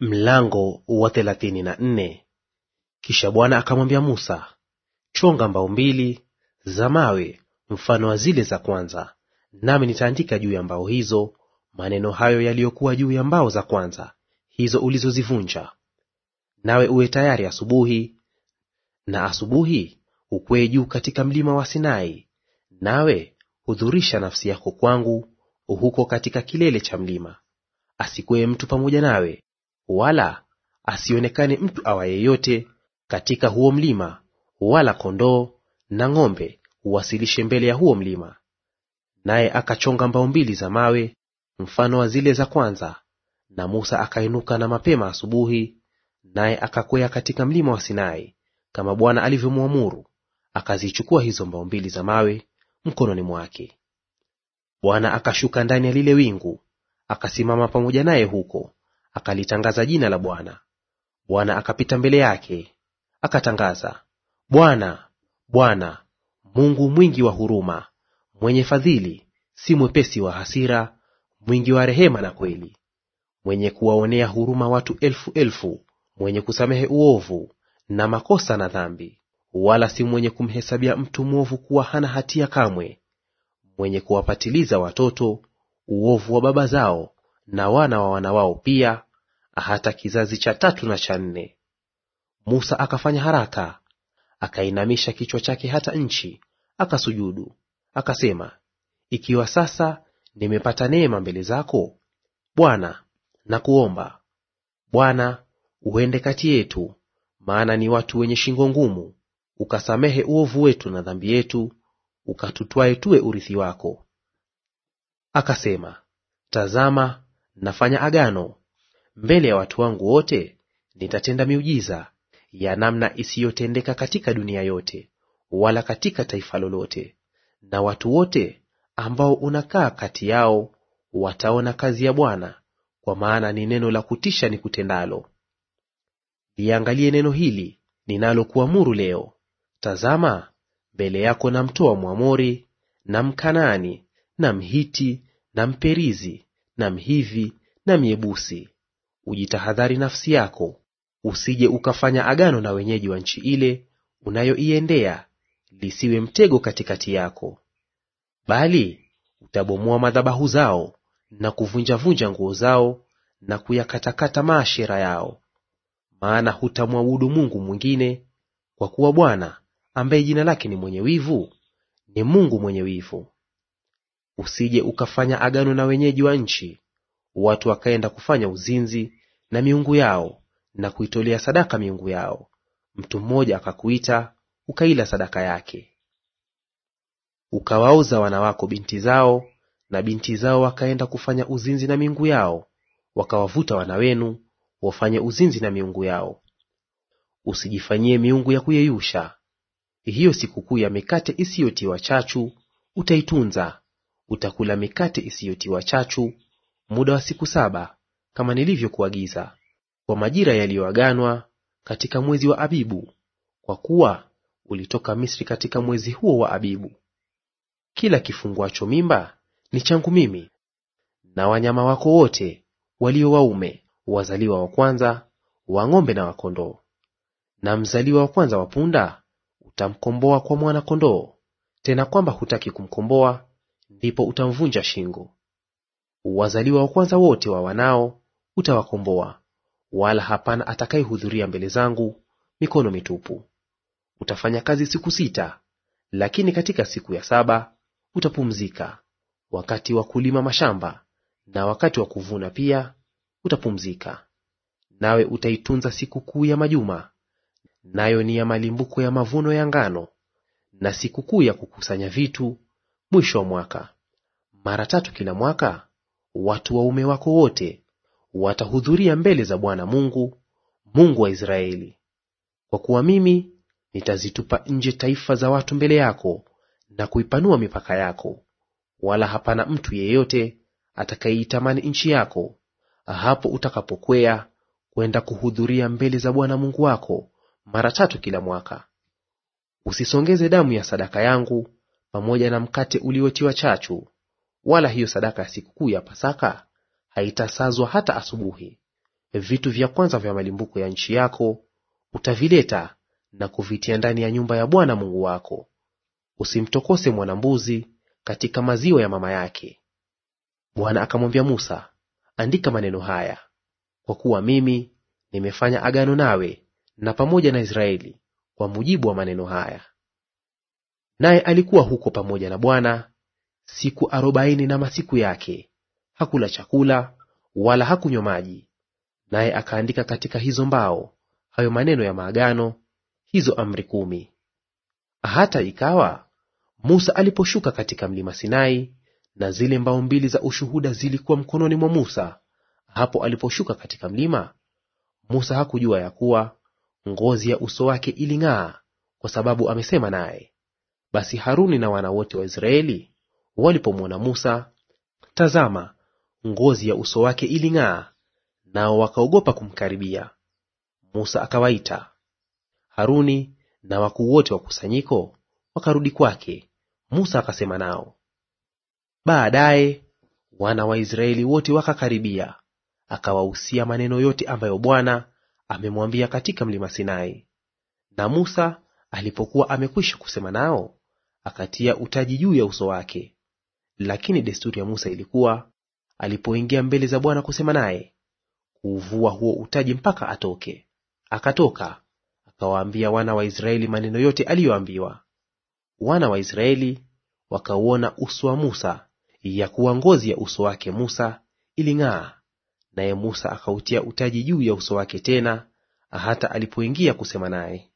Mlango wa thelathini na nne. Kisha Bwana akamwambia Musa, chonga mbao mbili za mawe mfano wa zile za kwanza, nami nitaandika juu ya mbao hizo maneno hayo yaliyokuwa juu ya mbao za kwanza hizo ulizozivunja. Nawe uwe tayari asubuhi, na asubuhi ukwee juu katika mlima wa Sinai, nawe hudhurisha nafsi yako kwangu huko katika kilele cha mlima. Asikwee mtu pamoja nawe wala asionekane mtu awa yeyote katika huo mlima, wala kondoo na ng'ombe uwasilishe mbele ya huo mlima. Naye akachonga mbao mbili za mawe mfano wa zile za kwanza, na Musa akainuka na mapema asubuhi, naye akakwea katika mlima wa Sinai kama Bwana alivyomwamuru, akazichukua hizo mbao mbili za mawe mkononi mwake. Bwana akashuka ndani ya lile wingu, akasimama pamoja naye huko, akalitangaza jina la Bwana. Bwana akapita mbele yake, akatangaza, Bwana, Bwana, Mungu mwingi wa huruma, mwenye fadhili, si mwepesi wa hasira, mwingi wa rehema na kweli, mwenye kuwaonea huruma watu elfu elfu, mwenye kusamehe uovu na makosa na dhambi, wala si mwenye kumhesabia mtu mwovu kuwa hana hatia kamwe, mwenye kuwapatiliza watoto uovu wa baba zao na wana wa wana wao pia hata kizazi cha tatu na cha nne. Musa akafanya haraka, akainamisha kichwa chake hata nchi, akasujudu, akasema, ikiwa sasa nimepata neema mbele zako, Bwana, nakuomba Bwana, uende kati yetu, maana ni watu wenye shingo ngumu, ukasamehe uovu wetu na dhambi yetu, ukatutwae tuwe urithi wako. Akasema, tazama, nafanya agano mbele ya watu wangu wote nitatenda miujiza ya namna isiyotendeka katika dunia yote, wala katika taifa lolote. Na watu wote ambao unakaa kati yao wataona kazi ya Bwana, kwa maana ni neno la kutisha ni kutendalo Liangalie neno hili ninalokuamuru leo. Tazama, mbele yako namtoa Mwamori na Mkanaani na Mhiti na Mperizi na Mhivi na Myebusi ujitahadhari nafsi yako usije ukafanya agano na wenyeji wa nchi ile unayoiendea, lisiwe mtego katikati yako, bali utabomoa madhabahu zao na kuvunjavunja nguo zao na kuyakatakata maashera yao. Maana hutamwabudu Mungu mwingine, kwa kuwa Bwana ambaye jina lake ni mwenye wivu ni Mungu mwenye wivu. Usije ukafanya agano na wenyeji wa nchi watu wakaenda kufanya uzinzi na miungu yao na kuitolea sadaka miungu yao, mtu mmoja akakuita ukaila sadaka yake. Ukawaoza wanawako binti zao, na binti zao wakaenda kufanya uzinzi na miungu yao, wakawavuta wana wenu wafanye uzinzi na miungu yao. Usijifanyie miungu ya kuyeyusha. Hiyo sikukuu ya mikate isiyotiwa chachu utaitunza; utakula mikate isiyotiwa chachu muda wa siku saba kama nilivyokuagiza, kwa majira yaliyoaganwa katika mwezi wa Abibu, kwa kuwa ulitoka Misri katika mwezi huo wa Abibu. Kila kifunguacho mimba ni changu mimi, na wanyama wako wote walio waume, wazaliwa wa kwanza wa ng'ombe na wakondoo. Na mzaliwa wa kwanza wa punda utamkomboa kwa mwana kondoo; tena kwamba hutaki kumkomboa, ndipo utamvunja shingo wazaliwa wa kwanza wote wa wanao utawakomboa, wala hapana atakayehudhuria mbele zangu mikono mitupu. Utafanya kazi siku sita, lakini katika siku ya saba utapumzika; wakati wa kulima mashamba na wakati wa kuvuna pia utapumzika. Nawe utaitunza sikukuu ya majuma, nayo ni ya malimbuko ya mavuno ya ngano, na sikukuu ya kukusanya vitu mwisho wa mwaka. Mara tatu kila mwaka watu waume wako wote watahudhuria mbele za Bwana Mungu, Mungu wa Israeli. Kwa kuwa mimi nitazitupa nje taifa za watu mbele yako na kuipanua mipaka yako, wala hapana mtu yeyote atakayeitamani nchi yako, hapo utakapokwea kwenda kuhudhuria mbele za Bwana Mungu wako mara tatu kila mwaka. Usisongeze damu ya sadaka yangu pamoja na mkate uliotiwa chachu wala hiyo sadaka ya sikukuu ya Pasaka haitasazwa hata asubuhi. Vitu vya kwanza vya malimbuko ya nchi yako utavileta na kuvitia ndani ya nyumba ya Bwana Mungu wako. Usimtokose mwanambuzi katika maziwa ya mama yake. Bwana akamwambia Musa, andika maneno haya, kwa kuwa mimi nimefanya agano nawe na pamoja na Israeli kwa mujibu wa maneno haya. Naye alikuwa huko pamoja na Bwana siku arobaini na masiku yake; hakula chakula wala hakunywa maji. Naye akaandika katika hizo mbao hayo maneno ya maagano, hizo amri kumi. Hata ikawa Musa aliposhuka katika mlima Sinai, na zile mbao mbili za ushuhuda zilikuwa mkononi mwa Musa hapo aliposhuka katika mlima, Musa hakujua ya kuwa ngozi ya uso wake iling'aa, kwa sababu amesema naye. Basi Haruni na wana wote wa Israeli Walipomwona Musa, tazama, ngozi ya uso wake iling'aa, nao wakaogopa kumkaribia. Musa akawaita Haruni na wakuu wote wa kusanyiko wakarudi kwake. Musa akasema nao. Baadaye wana wa Israeli wote wakakaribia, akawahusia maneno yote ambayo Bwana amemwambia katika mlima Sinai. Na Musa alipokuwa amekwisha kusema nao, akatia utaji juu ya uso wake. Lakini desturi ya Musa ilikuwa alipoingia mbele za Bwana kusema naye, kuuvua huo utaji mpaka atoke. Akatoka akawaambia wana wa Israeli maneno yote aliyoambiwa. Wana wa Israeli wakauona uso wa Musa, ya kuwa ngozi ya uso wake Musa iling'aa, naye Musa akautia utaji juu ya uso wake tena, hata alipoingia kusema naye.